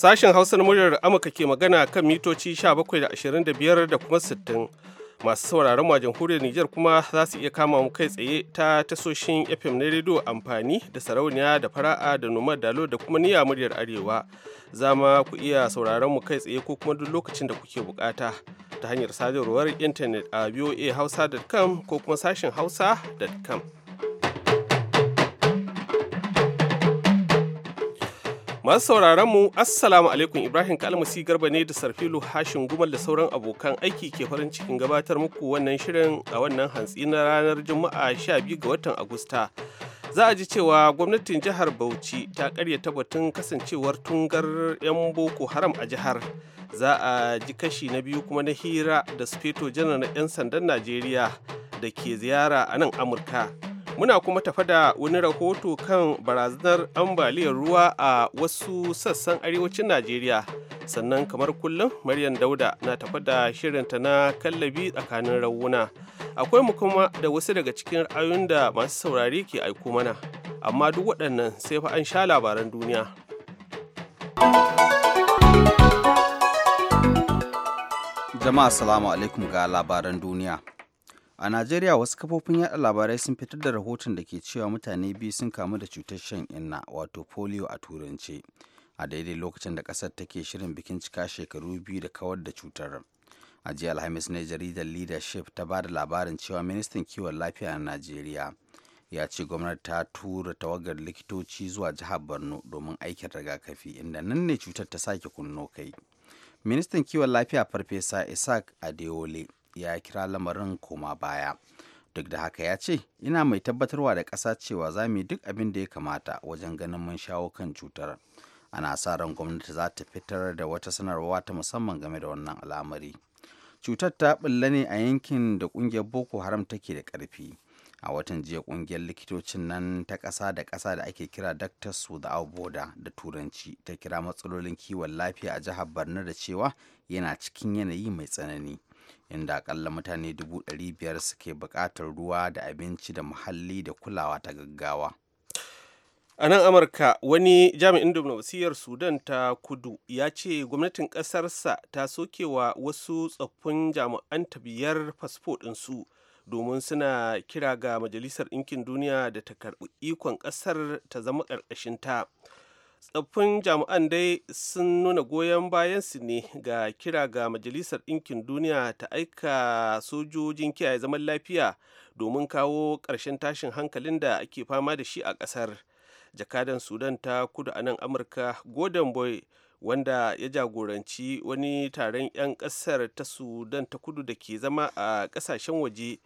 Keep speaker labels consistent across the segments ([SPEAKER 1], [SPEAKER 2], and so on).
[SPEAKER 1] Sashen Hausa na muryar Amurka ke magana kan mitoci 17.25 da kuma 60. Masu sauraron mu a jamhuriyar Nijar kuma za su iya kama mu kai tsaye ta tasoshin FM na rediyo amfani da sarauniya da fara'a da noma dalo da kuma niyyar muryar Arewa. Za ma ku iya sauraron mu kai tsaye ko kuma duk lokacin da kuke bukata ta hanyar sadarwar intanet a voahausa.com ko kuma sashen hausa.com. Masu sauraron mu Assalamu alaikum Ibrahim Kalmasi Garba ne da Sarfilu Hashin Gumal da sauran abokan aiki ke farin cikin gabatar muku wannan shirin a wannan hantsi na ranar Juma'a 12 ga watan Agusta. Za a ji cewa gwamnatin jihar Bauchi ta karyata batun kasancewar tungar 'yan Boko Haram a jihar. Za a ji kashi na biyu kuma na hira da Sufeto janar na 'yan sandan Najeriya da ke ziyara a nan Amurka. Muna kuma tafa da wani rahoto kan barazanar ambaliyar ruwa a wasu sassan arewacin Najeriya. Sannan kamar kullum Maryam Dauda na tafa da shirinta na kallabi tsakanin rawuna. Akwai mu kuma da wasu daga cikin ra'ayoyin da masu saurari ke aiko mana. Amma duk waɗannan sai fa an sha labaran duniya. Jama'a salamu alaikum ga labaran duniya.
[SPEAKER 2] a najeriya wasu kafofin yada labarai sun fitar da rahoton da ke cewa mutane biyu sun kamu da cutar shan inna wato polio a turance a daidai lokacin da kasar take shirin bikin cika shekaru biyu da kawar da cutar a jiya alhamis ne jaridar leadership ta ba da labarin cewa ministan kiwon lafiya na najeriya ya ce gwamnati ta tura tawagar likitoci zuwa jihar borno domin aikin rigakafi inda nan ne cutar ta sake kunno kai ministan kiwon lafiya farfesa isaac adeole ya kira lamarin koma baya duk da haka ya ce ina mai tabbatarwa da ƙasa cewa za mu yi duk abin da ya kamata wajen ganin mun shawo kan cutar ana sa ran gwamnati za ta fitar da wata sanarwa ta musamman game da wannan al'amari cutar ta bulla ne a yankin da ƙungiyar boko haram take da ƙarfi a watan jiya ƙungiyar likitocin nan ta ƙasa da ƙasa da ake kira su da boda da turanci ta kira matsalolin kiwon lafiya a jihar borno da cewa yana cikin yanayi mai tsanani inda akalla mutane 500
[SPEAKER 1] suke buƙatar ruwa da abinci da muhalli da kulawa ta gaggawa. a nan amurka wani jami'in wasiyar sudan ta kudu ya ce gwamnatin ƙasarsa ta sokewa wasu tsoffin jami'an biyar fasfo ɗinsu domin suna kira ga majalisar ɗinkin duniya da ta karɓi ikon ƙasar ta zama ƙarƙashinta. tsaffin jami'an dai sun nuna goyon bayansu ne ga kira ga majalisar ɗinkin duniya ta aika sojojin kiyaye zaman lafiya domin kawo ƙarshen tashin hankalin da ake fama da shi a ƙasar jakadan sudan ta kudu a nan amurka golden boy wanda ya jagoranci wani taron 'yan ƙasar ta sudan ta kudu da ke zama a ƙasashen waje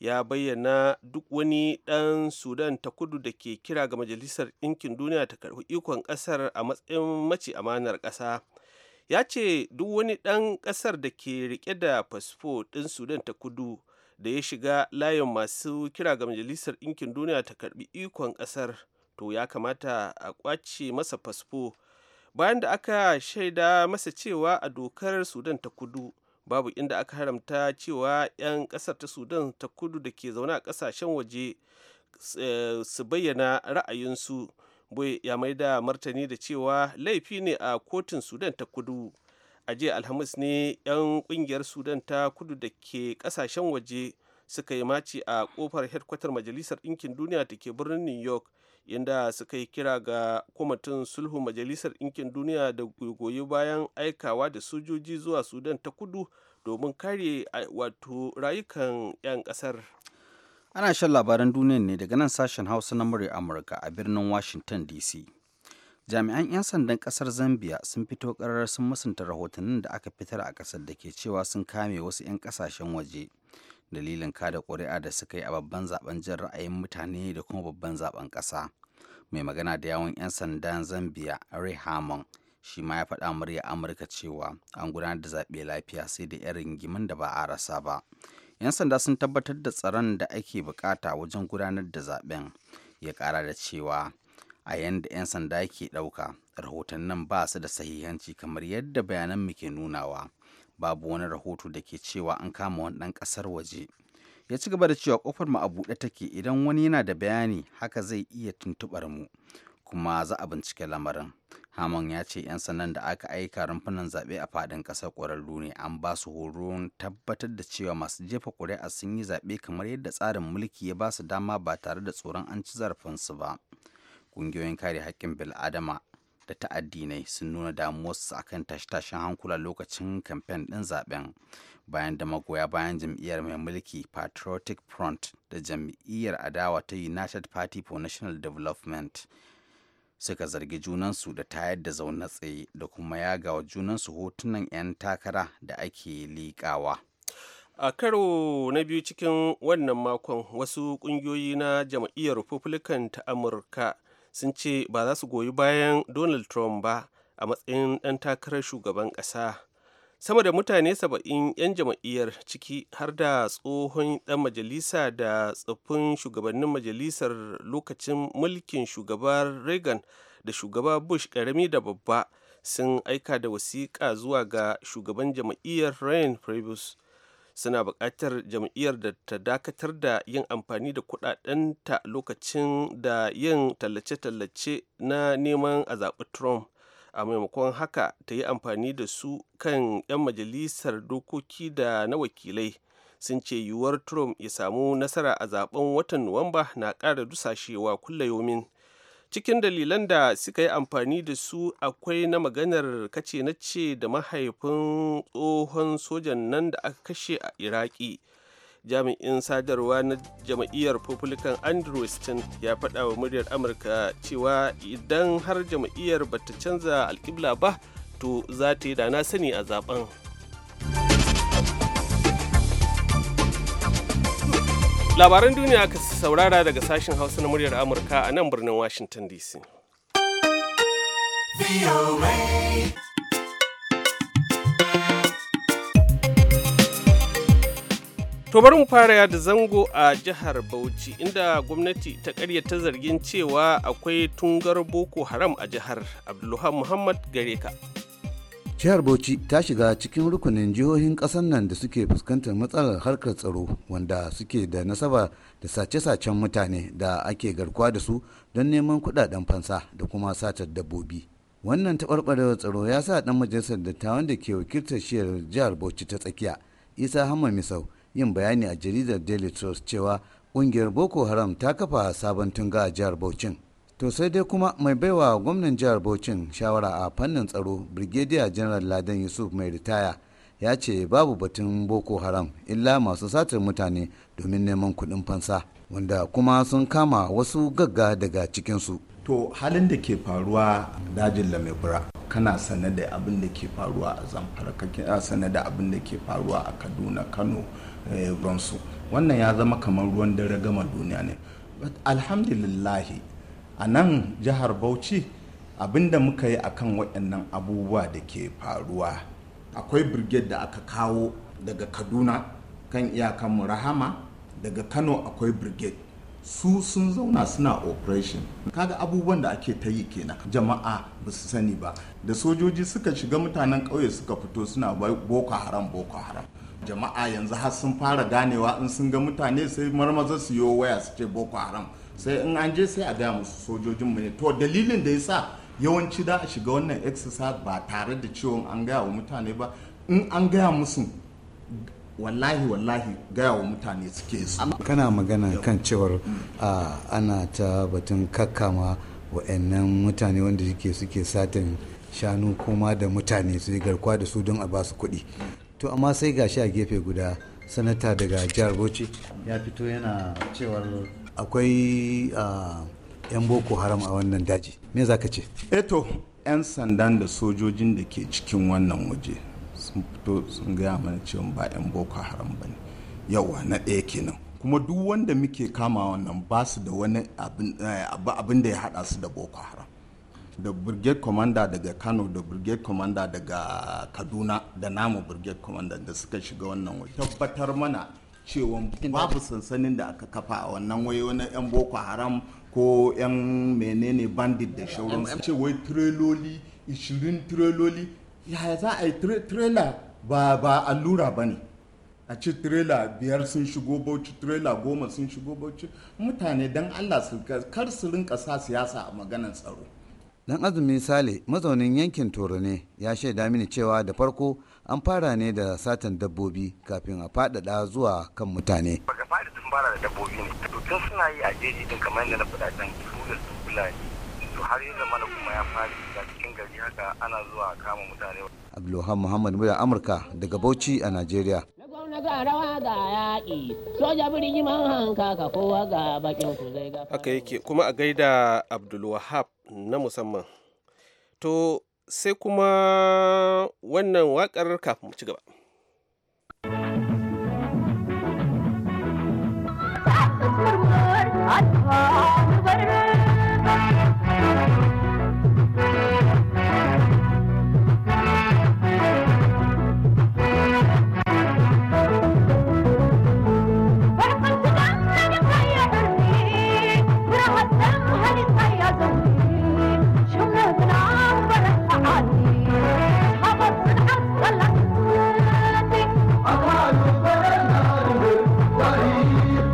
[SPEAKER 1] ya bayyana duk wani ɗan sudan ta kudu da ke kira ga majalisar ɗinkin duniya ta karɓi ikon ƙasar a matsayin mace amanar ƙasa ya ce duk wani ɗan ƙasar da ke riƙe da fasfo ɗin sudan ta kudu da ya shiga layin masu kira ga majalisar ɗinkin duniya ta karɓi ikon ƙasar to ya kamata a ƙwace masa fasfo bayan da aka shaida masa cewa a dokar sudan ta kudu babu inda aka haramta cewa 'yan ƙasar ta sudan ta kudu da ke zaune a ƙasashen waje eh, su bayyana ra'ayinsu boye ya mai da martani da cewa laifi ne a kotun sudan ta kudu a jiya alhamis ne 'yan kungiyar sudan ta kudu da ke kasashen waje suka yi maci a kofar hedkwatar majalisar ɗinkin duniya da ke birnin new york inda suka yi kira ga kwamitin sulhu majalisar ɗinkin duniya da goyi bayan aikawa da sojoji zuwa sudan ta kudu domin kare wato rayukan 'yan ƙasar
[SPEAKER 2] ana shan labaran duniya ne daga nan sashen hausa na murya amurka a birnin washington dc jami'an 'yan sandan kasar zambia sun fito karar sun musanta rahotannin da aka fitar a kasar da ke cewa sun kame wasu 'yan kasashen waje dalilin kada ƙuri'a da suka yi a babban zaben jin ra'ayin mutane da kuma babban zaben ƙasa mai magana da yawon 'yan sandan zambia ray Hamon, shi ma ya faɗa murya amurka cewa an gudanar da zaɓe lafiya sai da 'yan rigimin da ba a rasa ba 'yan sanda sun tabbatar da tsaron da ake bukata wajen gudanar da zaɓen ya ƙara da cewa a yadda 'yan sanda ke ɗauka rahotannin ba su da sahihanci kamar yadda bayanan muke nunawa babu wani rahoto da ke cewa an kama wani ɗan ƙasar waje ya ci gaba da cewa kofar mu a buɗe take idan wani yana da bayani haka zai iya tuntubar mu kuma za a bincike lamarin Haman ya ce 'yan sandan da aka aika rumfunan zaɓe a faɗin ƙasar ƙwararru ne an ba su horon tabbatar da cewa masu jefa ƙuri'a sun yi zaɓe kamar yadda tsarin mulki ya ba su dama ba tare da tsoron an ci zarafinsu ba. Ƙungiyoyin kare haƙƙin bil'adama da ta addinai sun nuna damuwarsu akan tashe-tashen hankula lokacin kamfen ɗin zaben bayan da magoya bayan jam'iyyar mai mulki patriotic front da jam'iyyar adawa ta united party for national development suka zargi junansu da tayar da zaune tsaye da kuma wa junansu hotunan 'yan takara da ake liƙawa.
[SPEAKER 1] a karo na biyu cikin wannan makon wasu ƙungiyoyi na jam'iyyar republican ta amurka sun ce ba za su goyi bayan donald trump ba a matsayin ɗan takarar shugaban ƙasa sama da mutane saba'in 'yan jama'iyyar ciki har da tsohon ɗan majalisa da tsoffin shugabannin majalisar lokacin mulkin shugabar reagan da shugaba bush ƙarami da babba sun aika da wasiƙa zuwa ga shugaban jama'iyyar ryan previous suna buƙatar jam'iyyar da ta dakatar da yin amfani da kuɗaɗenta lokacin da yin tallace-tallace na neman a zaɓi trump a maimakon haka ta yi amfani da su kan 'yan majalisar dokoki da na wakilai sun ce yiwuwar trump ya samu nasara a zaben watan nuwamba na ƙara dusashewa kulla yomin cikin dalilan da suka yi amfani da su akwai na maganar kace na ce da mahaifin tsohon sojan nan da aka kashe a iraki jami'in sadarwa na jam'iyyar republican andrew weston ya faɗa wa muryar amurka cewa idan har jam'iyyar bata canza alkibla ba to za ta yi dana sani a zaben labaran duniya aka saurara daga sashen hausa na muryar amurka a nan birnin washington dc To bari mu fara yada zango a jihar Bauchi inda gwamnati ta karyata zargin cewa akwai tungar Boko Haram a jihar Abdulluhan Muhammad Gareka.
[SPEAKER 3] jihar bauchi ta shiga cikin rukunin jihohin ƙasar nan da suke fuskantar matsalar harkar tsaro wanda suke da nasaba da sace-sacen mutane da ake garkuwa da su don neman kudaden fansa da kuma satar dabbobi wannan taɓarɓarewar tsaro ya sa ɗan majalisar dattawan da ke wakiltar shiyar jihar bauchi ta tsakiya isa hamma misau yin bayani a jaridar daily trust cewa ƙungiyar boko haram ta kafa sabon tunga a jihar bauchin to sai dai kuma mai baiwa gwamnan jihar bauchin shawara a fannin tsaro brigadier general ladan yusuf mai ritaya ya ce babu batun boko haram illa masu satar mutane domin neman kudin fansa wanda kuma sun kama wasu gagga daga cikinsu to halin da ke faruwa dajin lamebura kana sane da abin da ke faruwa a
[SPEAKER 4] zamfara ka sane da abin da ke faruwa a kaduna kano bronsu eh, wannan ya zama kamar ruwan dare gama duniya ne alhamdulillahi a nan jihar bauchi abinda muka yi akan waɗannan abubuwa da ke faruwa akwai birged da aka kawo daga kaduna kan iyakanmu rahama daga kano akwai birged su sun zauna suna operation kaga abubuwan da ake ta yi kenan jama'a ba su sani ba da sojoji suka shiga mutanen ƙauye suka fito suna boko haram boko haram jama'a yanzu har sun fara ganewa in sun ga mutane sai marmaza su yi waya su ce boko haram sai in an je sai a gaya musu sojojin ne to dalilin da ya sa yawanci da a shiga wannan exercise ba tare da cewa an gaya wa mutane ba in an gaya musu
[SPEAKER 3] wallahi wallahi gaya wa mutane suke su kana magana kan cewar ana ta batun kakkama wa'annan mutane wanda suke suke satin shanu kuma da mutane su garkuwa da su don a ba kuɗi to amma sai gashi a gefe guda sanata daga jihar bauchi ya fito yana cewar akwai yan boko haram a wannan
[SPEAKER 4] daji me za ka ce eto eh yan sandan da sojojin da ke cikin wannan waje sun fito sun gaya mana cewa ba yan boko haram ba ne yawa na ɗaya kenan kuma duk wanda muke kama wannan ba su da wani eh, abin da ya haɗa su da boko haram da brigade commander daga kano da brigade commander daga kaduna da namu brigade commander da suka shiga wannan waje tabbatar mana cewa babu sansanin da aka kafa a wannan wayo na 'yan boko haram ko 'yan menene bandit da su ce wai tireloli 20 tireloli ya za a yi tirela ba ba allura ba ne a ce tirela biyar sun shigo bauchi tirela goma sun shigo bauchi mutane dan allah su kar su rinka sa siyasa a maganar tsaro
[SPEAKER 3] dan azumi sale mazaunin yankin toro ne ya shaida mini cewa da farko an fara ne da satan dabbobi kafin a faɗaɗa zuwa kan mutane. Baga
[SPEAKER 5] faɗi sun fara da dabbobi ne, to tun suna yi a jeji din kamar yadda na faɗa can su su fulani,
[SPEAKER 6] to har yanzu mana kuma ya fara da cikin gari haka ana zuwa kama mutane.
[SPEAKER 3] Abdulluhan Muhammad Mura Amurka daga Bauchi a Najeriya.
[SPEAKER 1] Haka yake kuma a gaida Abdulwahab na musamman. To sai kuma wannan waƙar kafin mu ci gaba.
[SPEAKER 7] Altyazı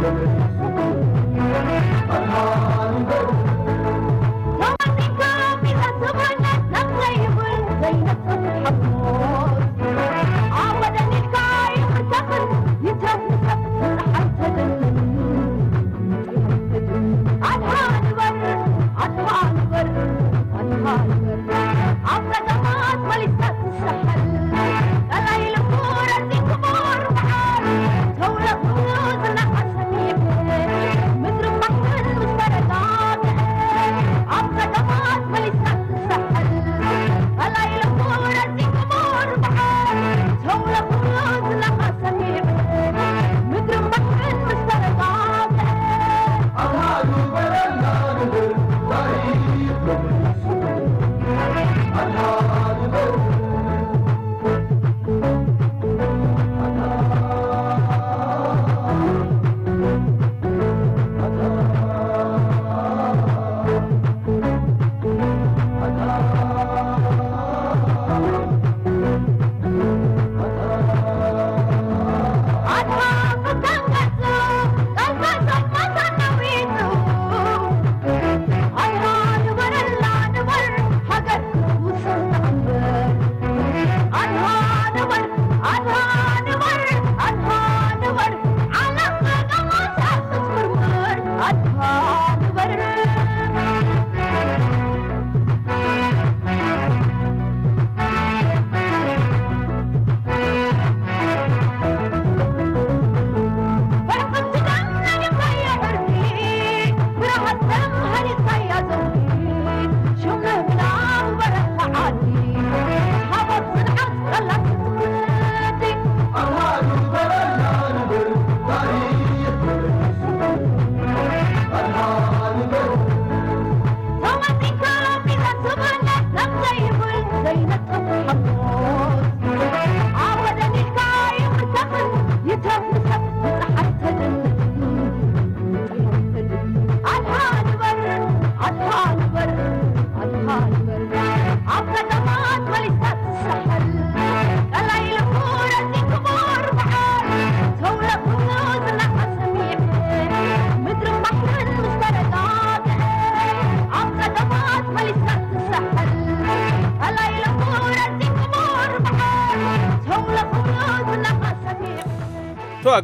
[SPEAKER 7] Thank you.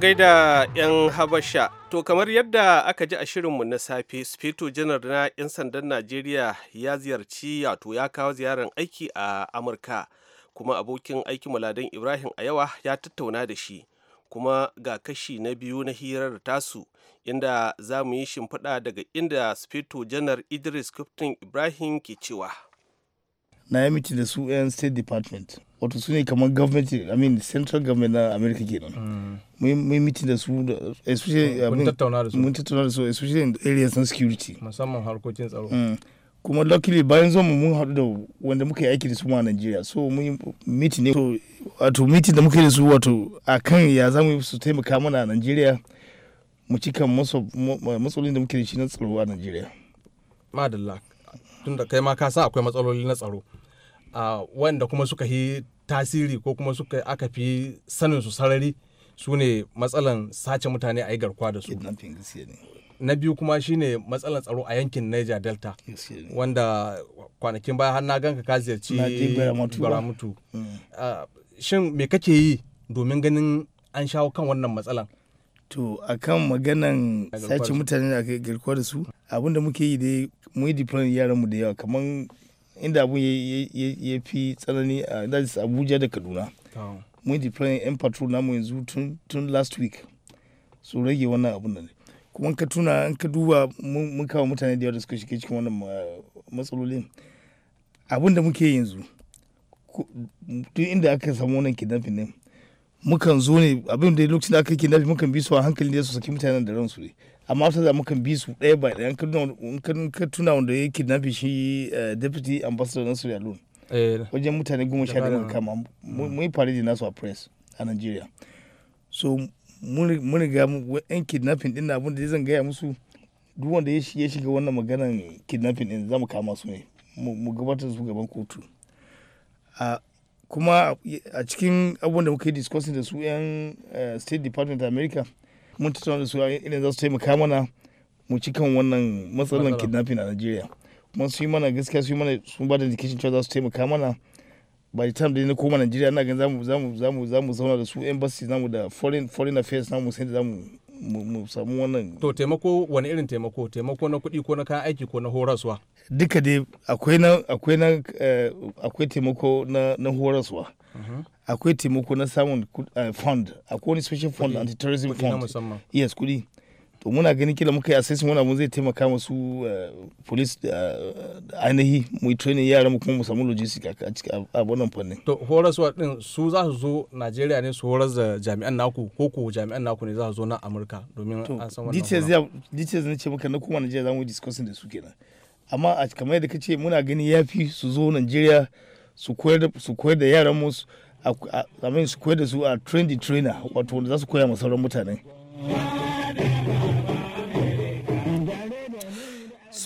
[SPEAKER 1] gaida 'yan Habasha, to kamar yadda aka ji a shirinmu na safe, Sufeto janar na 'yan sandan Najeriya ya ziyarci yato ya kawo ziyarar aiki a Amurka, kuma abokin aiki Muladen Ibrahim a yawa ya tattauna da shi, kuma ga kashi na biyu na hirar tasu, inda za mu yi shimfiɗa daga inda Sufeto janar Idris Kiftin Ibrahim ke cewa.
[SPEAKER 8] Na yi miti da su 'yan State Department, wato su ne kamar government, I mean central government na America kenan. Mm. mun miti da su tattauna da su mun tattauna da su especially in areas na security
[SPEAKER 4] musamman harkokin tsaro
[SPEAKER 8] mm. kuma luckily bayan zo mu mun haɗu da wanda muka yi aiki da su ma a Najeriya so mun yi ne wato miti da muka yi da su wato akan ya za mu su taimaka mana a Najeriya mu cika matsalolin da muke da shi na tsaro a Najeriya
[SPEAKER 1] madalla tun da kai ma ka san akwai matsaloli na tsaro ah, wanda kuma suka yi tasiri ko kuma suka aka fi sanin su sarari su ne matsalan sace mutane a yi garkuwa da su na biyu kuma shine matsalan tsaro a yankin niger delta wanda kwanakin baya har na ganka ka ziyarci baramutu hmm. ah, shin me kake yi domin ganin an shawo kan wannan matsalan to a kan
[SPEAKER 8] maganan sace mutane da aka garkuwa da su abinda muke yi dai mu yi deploy yaran mu da yawa kamar inda abun ya fi tsanani a ah, abuja da kaduna mun deploying yan patrol namu yanzu tun last week su rage wannan abun nan kuma ka tuna an ka duba mun kawo mutane da yawa da suka shige cikin wannan uh, matsalolin abin da muke yanzu duk inda aka samu wannan kidnapping ne mukan zo ne abin da lokacin da aka kidnapping mukan bi su a hankali ne su saki mutane da ransu ne amma wata da mukan bi su ɗaya ba ɗaya an ka tuna wanda ya kidnapping shi uh, deputy ambassador na Sierra alone Eh, wajen mutane goma sha biyar kama mun yi da nasu a press a nigeria so mun riga yan kidnapping din abin da zan gaya musu duk wanda ya shiga wannan maganan kidnapping din zamu mu kama su ne mu gabatar su gaban kotu kuma a cikin abubuwan da muka yi discussing da su 'yan eh, state department america mun tattauna da su inda za su taimaka mana mu cikan wannan matsalar kidnapping a nigeria kuma su yi mana gaskiya su yi mana sun ba da indication cewa za su taimaka mana by the time da na koma Najeriya na gan zamu zamu zamu zamu zauna da su embassy namu da foreign foreign affairs namu sai da zamu mu samu wannan to taimako wani irin taimako taimako na kuɗi ko na kayan aiki ko na horaswa duka dai akwai na akwai na eh, akwai taimako na na horaswa mhm. akwai taimako na samun eh, fund akwai wani special fund anti terrorism fund yes kuɗi to muna ganin kila muka yi assessment wani abu zai taimaka masu eh, police eh, ainihi mu yi training yara mu kuma mu samu logistics a cikin abunan fannin
[SPEAKER 1] to horaswa din su za su zo Najeriya ne su horas da jami'an naku ko ko jami'an naku ne za su zo na Amurka domin an san wannan details
[SPEAKER 8] zai ne ce muka na kuma Najeriya zamu discussing da su kenan amma a kamar yadda ce muna gani fi su zo Najeriya su koyar da su koyar da yaran mu su koyar da su a trendy trainer wato wanda za su koya masauran sauran mutane.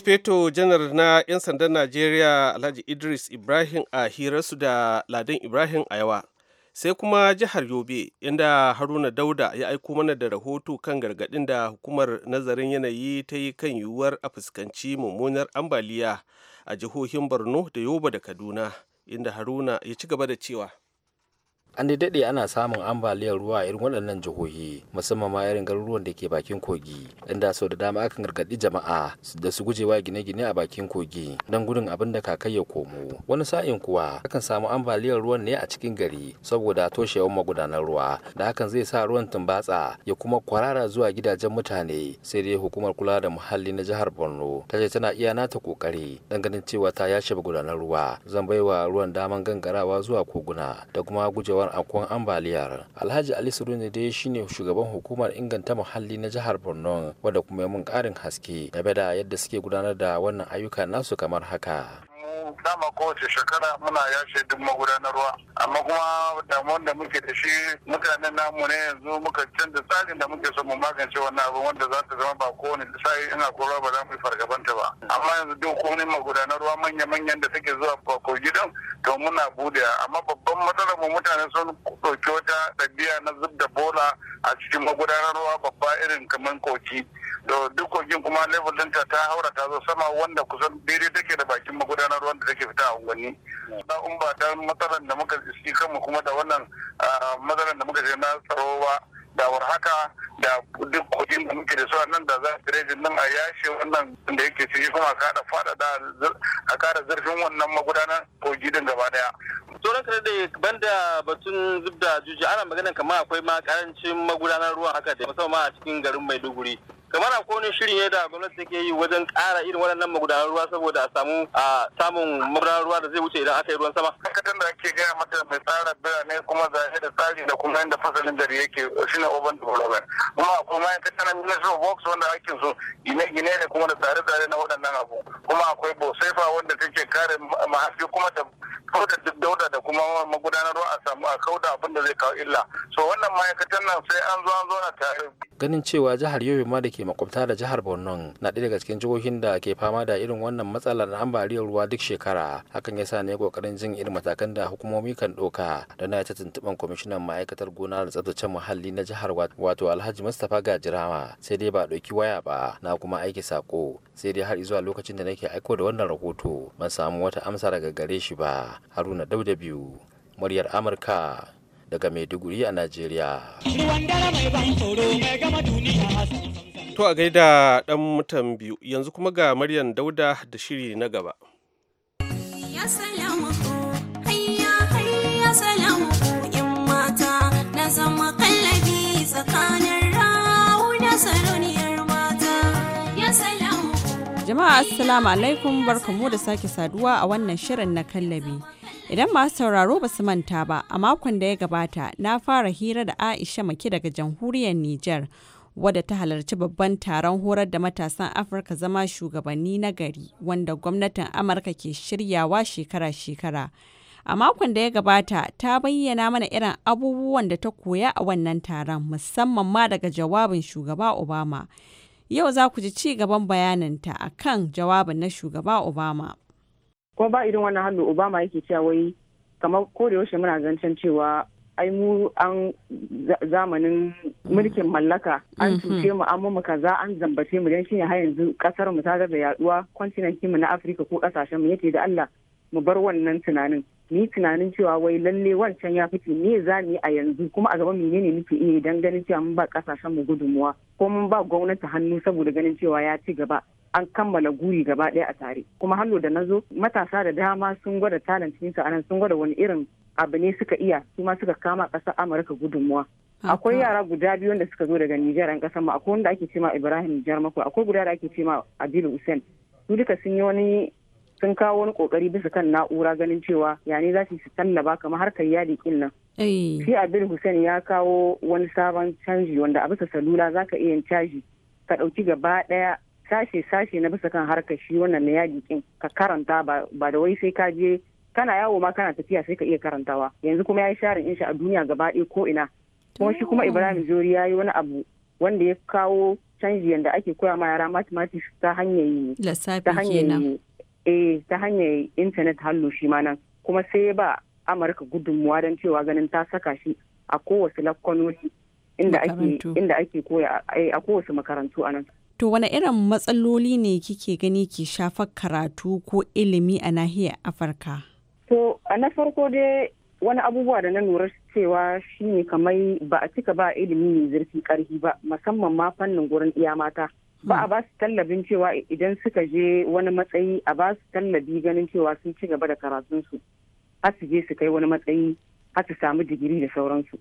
[SPEAKER 1] Feto janar na 'yan sandan Najeriya Alhaji Idris Ibrahim a hirarsu da Ladan Ibrahim a yawa. Sai kuma jihar Yobe inda Haruna Dauda ya aiko mana da rahoto kan gargaɗin da hukumar nazarin yanayi ta yi kan yiwuwar a fuskanci mummunar ambaliya a jihohin Borno da Yoba da Kaduna inda Haruna ya ci gaba da cewa.
[SPEAKER 6] an dai daɗe ana samun ambaliyar ruwa a irin waɗannan jihohi musamman ma irin garuruwan da ke bakin kogi inda sau da dama akan gargaɗi jama'a da su guje wa gine-gine a bakin kogi don gudun abin da kakai ya komo wani sa'in kuwa akan samu ambaliyar ruwan ne a cikin gari saboda toshewar magudanar ruwa da hakan zai sa ruwan tumbatsa ya kuma kwarara zuwa gidajen mutane sai dai hukumar kula da muhalli na jihar borno ta ce tana iya nata kokari don ganin cewa ta yashe magudanar ruwa zan baiwa ruwan daman gangarawa zuwa koguna da kuma gujewa musabbabin akwan ambaliyar alhaji ali suruni dai shine shugaban hukumar inganta muhalli na jihar borno wadda kuma ya mun karin haske game da yadda suke gudanar da wannan ayyuka nasu kamar haka
[SPEAKER 5] dama kowace shekara muna yashe duk magudanar ruwa amma kuma damuwar da muke da shi mutanen namu ne yanzu muka canza tsarin da muke so mu magance wannan abu wanda za ta zama ba kowane lissafi in akwai ba za mu yi fargabanta ba amma yanzu duk kowane magudanar ruwa manya-manyan da take zuwa ko gidan to muna bude amma babban matsalar mu mutane sun ɗauki wata ɗabi'a na zub da bola a cikin magudanar ruwa babba irin kamar koki da dukkokin kuma level ɗinta ta haura ta zo sama wanda kusan daidai take da bakin magudanar ruwan da take fita a unguwanni. na in ba dan matsalar da muka iski kanmu kuma da wannan matsalar da muka je na tsaro ba da warhaka da duk kudin da muke da su nan da za a tirejin nan a yashe wannan da yake ciki kuma a kada da a kada zurfin wannan magudanar kogi din gaba daya. tsoron kare da banda batun zubda juji ana magana kamar akwai ma karancin magudanar ruwan haka da musamman a cikin garin maiduguri kamar a kone shirin yadda da gwamnati take yi wajen tsara irin waɗannan magudanar ruwa saboda a samu a samun magudanar ruwa da zai wuce idan aka yi ruwan sama. Dakatan da ake gaya mata mai tsara birane kuma zaɓe da tsari da kuma yadda fasalin dare yake shi ne urban development. Kuma a akwai ma'aikata na ministry of works wanda ake so gine-gine da kuma da tsare-tsare na waɗannan abu. Kuma akwai bosefa wanda take kare mahafi kuma da kauda duk dauda da kuma magudanar ruwa a samu a kauda abin da zai kawo illa. So wannan ma'aikatan nan sai
[SPEAKER 6] an zo an zo na tare. Ganin cewa jihar Yobe ma da ke makwabta da jihar borno na ɗaya daga cikin jihohin da ke fama da irin wannan matsalar ambaliyar ruwa duk shekara hakan ya sa ne kokarin jin irin matakan da hukumomi kan ɗauka da na ta tuntuɓar kwamishinan ma'aikatar gona da tsabtace muhalli na jihar wato alhaji mustapha gajirama sai dai ba ɗauki waya ba na kuma aiki sako sai dai har zuwa lokacin da nake aiko da wannan rahoto ban samu wata amsa daga gare shi ba haruna dauda biyu muryar amurka
[SPEAKER 1] daga maiduguri a najeriya To a gaida ɗan mutan biyu yanzu kuma ga Maryam Dauda da shiri na gaba.
[SPEAKER 9] zama kallabi tsakanin Jama'a Assalamu alaikum barkamu da sake saduwa a wannan shirin na kallabi. Idan masu sauraro ba su manta ba, a makon da ya gabata na fara hira da Aisha Maki daga jamhuriyar Nijar wadda ta halarci babban taron horar da matasan Afirka zama shugabanni na gari wanda gwamnatin Amurka ke shiryawa shekara-shekara. A makon da ya gabata ta bayyana mana irin abubuwan da ta koya a wannan taron musamman ma daga jawabin shugaba Obama. Yau za ku ji ci gaban bayaninta a kan jawabin na shugaba Obama.
[SPEAKER 10] Kuma ba irin wannan hannu Obama yake cewa wai kamar ko da yaushe muna zancen cewa ai mu an zamanin mulkin mallaka an mm-hmm. cuce mu an mu kaza an zambace mu dan shine har yanzu kasar mu ta gaba yaduwa kontinent mu na Afirka ko kasashen mu yake da Allah mu bar wannan tunanin ni tunanin cewa wai lalle wancan ya fice ne za mu yi a yanzu kuma a gaba menene muke iya idan ganin cewa mun ba kasashen mu gudunmuwa ko mun ba gwamnati hannu saboda ganin cewa ya ci gaba an kammala guri gaba ɗaya a tare kuma hannu da na zo matasa da dama sun gwada talent su anan sun gwada wani irin abu ne suka iya ma suka kama ƙasar amurka gudunmuwa akwai yara guda biyu wanda suka zo daga nijar an kasan mu akwai wanda ake cema ibrahim jarmako akwai guda da ake cema abdul hussein su duka sun yi wani sun kawo wani kokari bisa kan na'ura ganin cewa yane za su tallaba kamar harkar yadi kin nan shi abdul hussein ya kawo wani sabon canji wanda a bisa salula za ka iya caji ka ɗauki gaba ɗaya sashe sashe na bisa kan harkar shi wannan na yadi kin ka karanta ba da wai sai ka je kana yawo ma kana tafiya sai ka iya karantawa yanzu kuma ya yi sharin insha a duniya gaba ɗaya ko ina kuma shi kuma oh. ibrahim jori ya yi wani abu wanda ya kawo canji yadda ake koya ma yara mathematics ta hanyar Lissafi kenan. eh ta hanyar intanet hallo shi ma nan kuma sai ya ba amurka gudunmuwa don cewa ganin ta saka shi a kowace lakkononi inda ake inda ake koya eh, a kowace makarantu a nan
[SPEAKER 9] to wani irin matsaloli ne kike gani ke shafar karatu ko ilimi a nahiyar afirka
[SPEAKER 10] to a na farko dai wani abubuwa da na lura cewa shine kamar ba a cika ba ilimi mai zurfi karfi ba musamman ma fannin gurin iya mata ba a hmm. ba su tallabin cewa idan suka je wani matsayi a ba su tallabi ganin cewa sun ci gaba da karatunsu har su je su kai wani matsayi har su samu digiri da sauransu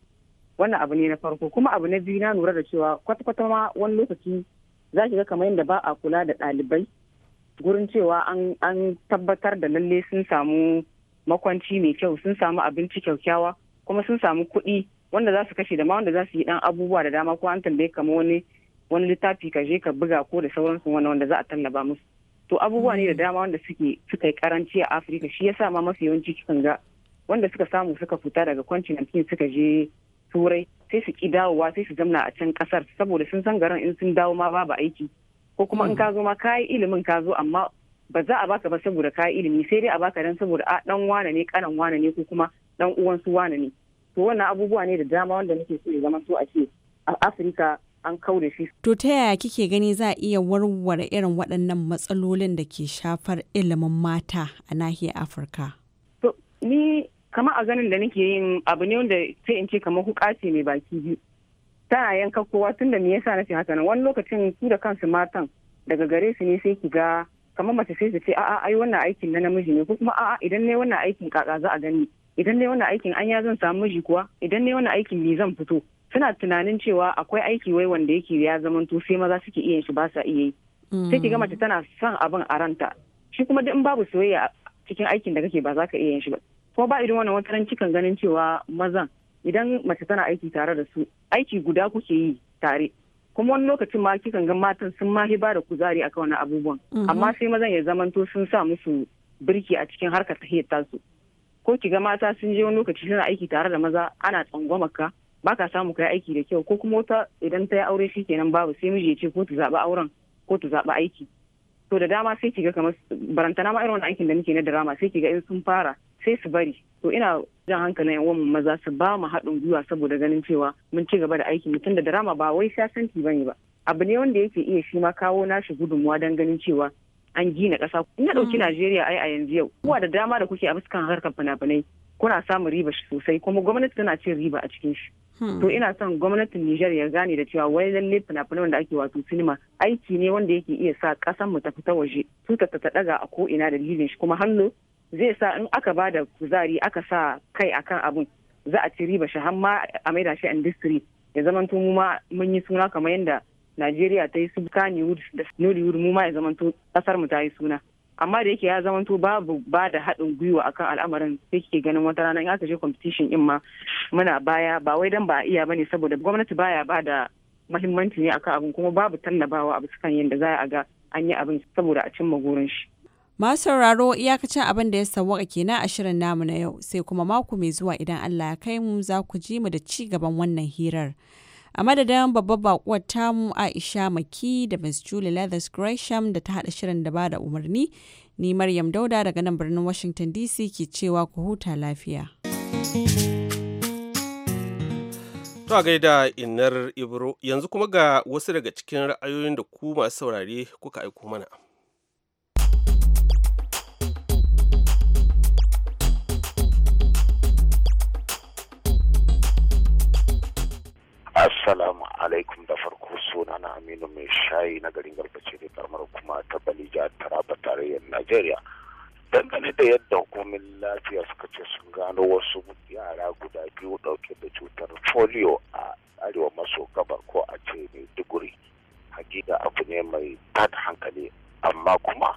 [SPEAKER 10] wannan abu ne na farko kuma abu na biyu na lura da cewa kwata-kwata ma wani lokaci za ki ga kamar yadda ba a kula da ɗalibai gurin cewa an tabbatar da lalle sun samu makwanci mai kyau sun samu abinci kyaukyawa kuma sun samu kuɗi wanda za su kashe da ma wanda za su yi ɗan abubuwa da dama ko an tambaye kamar wani wani littafi ka je ka buga ko da sauransu wani wanda za a tallaba musu to abubuwa ne da mm. dama wanda suke suka yi karanci a afirka shi yasa ma mafi yawanci kikan ga wanda suka samu suka fita daga continent suka je turai sai su ki dawowa sai su zamna a can kasar saboda sun san garin in sun dawo ma babu aiki ko kuma in ka zo ma kayi ilimin ka zo amma ba za a baka ba saboda kayi ilimi sai dai a baka dan saboda a dan wane ne kanan wane ne ko kuma dan uwan su wane ne to wannan abubuwa ne da dama wanda nake so ya zama so a ce a Afirka an kaure shi. To ta yaya kike
[SPEAKER 9] gani za a iya warware irin waɗannan matsalolin da ke shafar ilimin mata a nahiyar Afirka?
[SPEAKER 10] To ni kama a ganin da nake yin abu ne wanda sai in ce kamar huka ce mai baki biyu. Tana yanka kowa tun da me yasa na ce haka nan wani lokacin su da kansu matan daga gare su ne sai ki ga kamar mace sai su ce a'a ai wannan aikin na namiji ne ko kuma a'a idan ne wannan aikin kaka za a gani idan ne wannan aikin anya zan samu miji kuwa idan ne wannan aikin me zan fito. suna tunanin cewa akwai aiki wai wanda yake ya to sai maza suke iya shi ba sa iya yi
[SPEAKER 7] mm. sai ki ga mace
[SPEAKER 10] tana son abin a ranta shi kuma duk in babu soyayya cikin aikin da kake ba za ka iya yin shi ba kuma ba irin wannan wataran cikan ganin cewa mazan idan mace tana aiki tare da su aiki guda kuke yi tare kuma wani lokacin ma kikan ga matan sun ma ba da kuzari akan wani abubuwan mm-hmm. amma sai mazan ya zamanto sun sa musu birki a cikin harkar tahiyar su ko ki ga mata sun je wani lokaci suna aiki tare da maza ana tsangwamaka baka samu kai aiki da kyau ko kuma wata idan ta yi aure shi kenan babu sai miji ya ce ko ta zaɓi auren ko ta zaɓi aiki to da dama sai kiga kamar barantana ma irin wani aikin da nake na drama sai kiga in sun fara sai su bari to ina jan hankalin yan uwan maza su ba mu haɗin gwiwa saboda ganin cewa mun ci gaba da aiki mutum da drama ba wai sasanti bane ba abu ne wanda yake iya shi ma kawo nashi gudunmuwa don ganin cewa an gina ƙasa ina ɗauki mm. Najeriya ai a yanzu yau kuwa da dama da kuke a fuskan harkar fina-finai kuna samun riba shi sosai kuma gwamnati tana cin riba a cikin shi to ina son gwamnatin Nijar ya gane da cewa wani lalle fina-finan da ake wato sinima aiki ne wanda yake iya sa kasan mu ta fita waje tuta ta daga a ko ina dalilin shi kuma hannu zai sa in aka ba da kuzari aka sa kai akan abun za a ci riba shi har ma a maida shi industry ya zamanto mu ma mun yi suna kamar yadda Najeriya ta yi su Wood da Nollywood mu ma ya zamanto kasar mu ta yi suna. amma da yake ya zamanto babu ba da haɗin gwiwa akan al'amarin sai kike ganin wata rana in aka je competition in ma muna baya ba wai dan ba a iya bane saboda gwamnati baya ba da muhimmanci ne akan abin kuma babu tallabawa a bisa yadda za a ga an yi abin saboda a cimma gurin shi.
[SPEAKER 9] Masu sauraro iyakacin abin da ya sawwaka kenan a shirin namu na yau sai kuma mako mai zuwa idan Allah ya kai mu za ku ji mu da ci gaban wannan hirar. a madadin babbar bakuwar tamu aisha maki da miss julie leathers gresham da ta hada shirin da bada umarni ni maryam dauda daga nan birnin washington dc ke cewa ku huta lafiya
[SPEAKER 1] to a gaida inar ibro yanzu kuma ga wasu daga cikin ra'ayoyin da ku masu saurare kuka aiko mana
[SPEAKER 5] Assalamu alaikum da farko suna na Aminu mai shayi na garin garbace da karmar kuma ta Balija Taraba tarayyar Najeriya. Dangane
[SPEAKER 4] da yadda hukumin lafiya suka ce sun gano wasu yara guda biyu dauke da cutar folio a arewa maso gabar ko a ce ne duguri. Hakika abu ne mai tad hankali amma kuma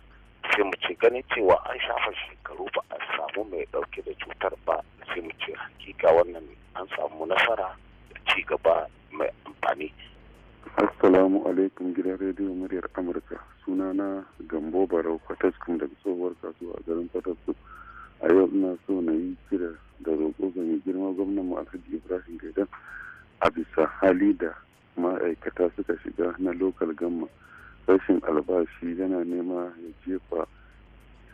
[SPEAKER 4] sai mu ce ganin cewa an shafa shekaru ba a samu mai dauke da cutar ba sai mu ce hakika wannan an samu
[SPEAKER 5] nasara ci gaba mai amfani assalamu alaikum gidan rediyo muryar amurka sunana gambo barau fataskum daga tsohuwar kasuwa a garin fataskum a yau ina so na yi kira da roƙo ga mai girma gwamnan mu alhaji ibrahim gaidan a bisa hali da ma'aikata suka shiga na lokal gamma rashin albashi yana nema ya jefa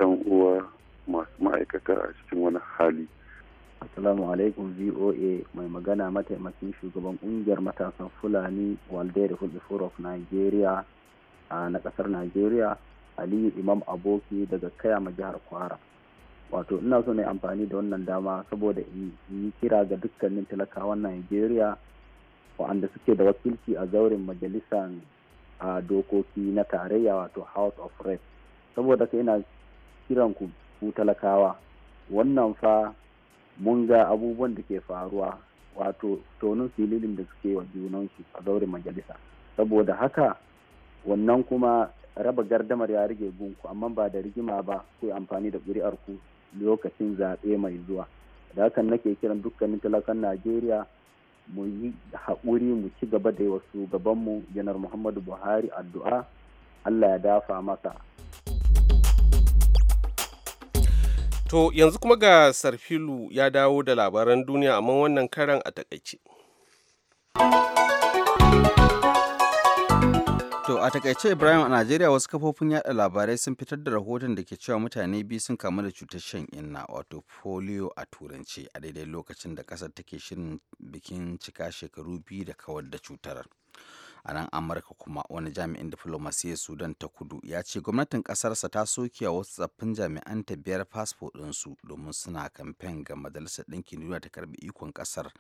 [SPEAKER 5] 'yan uwa masu ma'aikata a cikin wani hali
[SPEAKER 4] Assalamu alaikum VOA mai magana mataimakin shugaban kungiyar matasan Fulani Waldere Fulbifur of Nigeria a na kasar Nigeria Aliyu Imam Aboki daga ma jihar Kwara. Wato ina so na amfani da wannan dama saboda in yi kira ga dukkanin talakawan Nigeria waɗanda suke da wakilci a zauren majalisan a dokoki na tarayya wato House of Reps. Saboda ka ina kiran ku talakawa wannan fa mun ga abubuwan da ke faruwa wato tonin sililin da suke wa junansu a zaurin majalisa saboda haka wannan kuma raba gardamar ya rage gunku amma ba da rigima ba ku amfani da ƙuri'ar ku lokacin zaɓe mai zuwa da hakan nake kiran dukkanin talakan najeriya mu yi haƙuri mu ci gaba da yi gaban mu janar muhammadu buhari addu'a allah ya dafa masa
[SPEAKER 1] To yanzu kuma ga Sarfilu ya dawo da labaran duniya amma wannan karan a takaice. To a
[SPEAKER 2] takaice Ibrahim a Najeriya wasu kafofin yada labarai sun fitar da rahoton da ke cewa mutane biyu sun kamu da cutar shan inna wato polio a turanci a daidai lokacin da kasar take shirin bikin cika shekaru biyu da kawar da cutar. a nan amurka kuma wani jami'in diflomasiyyar sudan ta kudu ya ce gwamnatin kasarsa ta soke wasu tsaffin jami'an ta biyar fasfo ɗinsu domin suna kamfen ga majalisar ɗinkin duniya ta karbi ikon ƙasar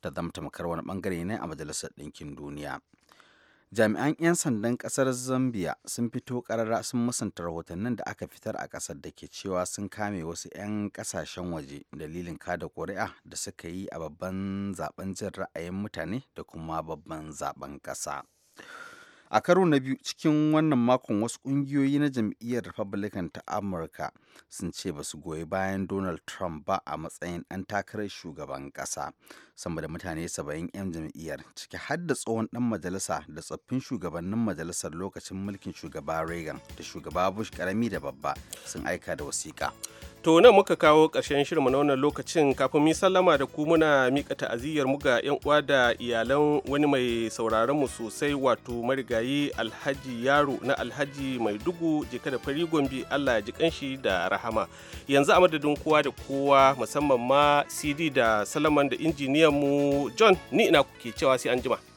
[SPEAKER 2] ta zama tamkar wani bangare ne a majalisar ɗinkin duniya jami'an 'yan sandan kasar zambia sun fito karara sun musanta rahotannin da aka fitar a kasar da ke cewa sun kame wasu 'yan kasashen waje dalilin kada kuri'a da suka yi a babban zaben jin ra'ayin mutane da kuma babban zaben ƙasa. a karo na biyu cikin wannan makon wasu ƙungiyoyi na jam'iyyar republican ta amurka sun ce ba su goyi bayan donald trump ba a matsayin ɗan takarar shugaban ƙasa sama da mutane 70 'yan jam'iyyar ciki har da tsohon ɗan majalisa da tsoffin shugabannin majalisar lokacin mulkin shugaba reagan da shugaba bush karami da babba sun aika da wasiƙa
[SPEAKER 1] To nan muka kawo ƙarshen shirin na wannan lokacin kafin mu sallama da ku muna mika ta'aziyyar mu ga yan uwa da iyalan wani mai sauraron mu sosai wato marigayi Alhaji Yaro na Alhaji Mai Dugu jika da fari gombe Allah ya ji kanshi da rahama. Yanzu a madadin kowa da kowa musamman ma CD da Salaman da injiniyan mu
[SPEAKER 7] John ni ina kuke cewa sai anjima. jima.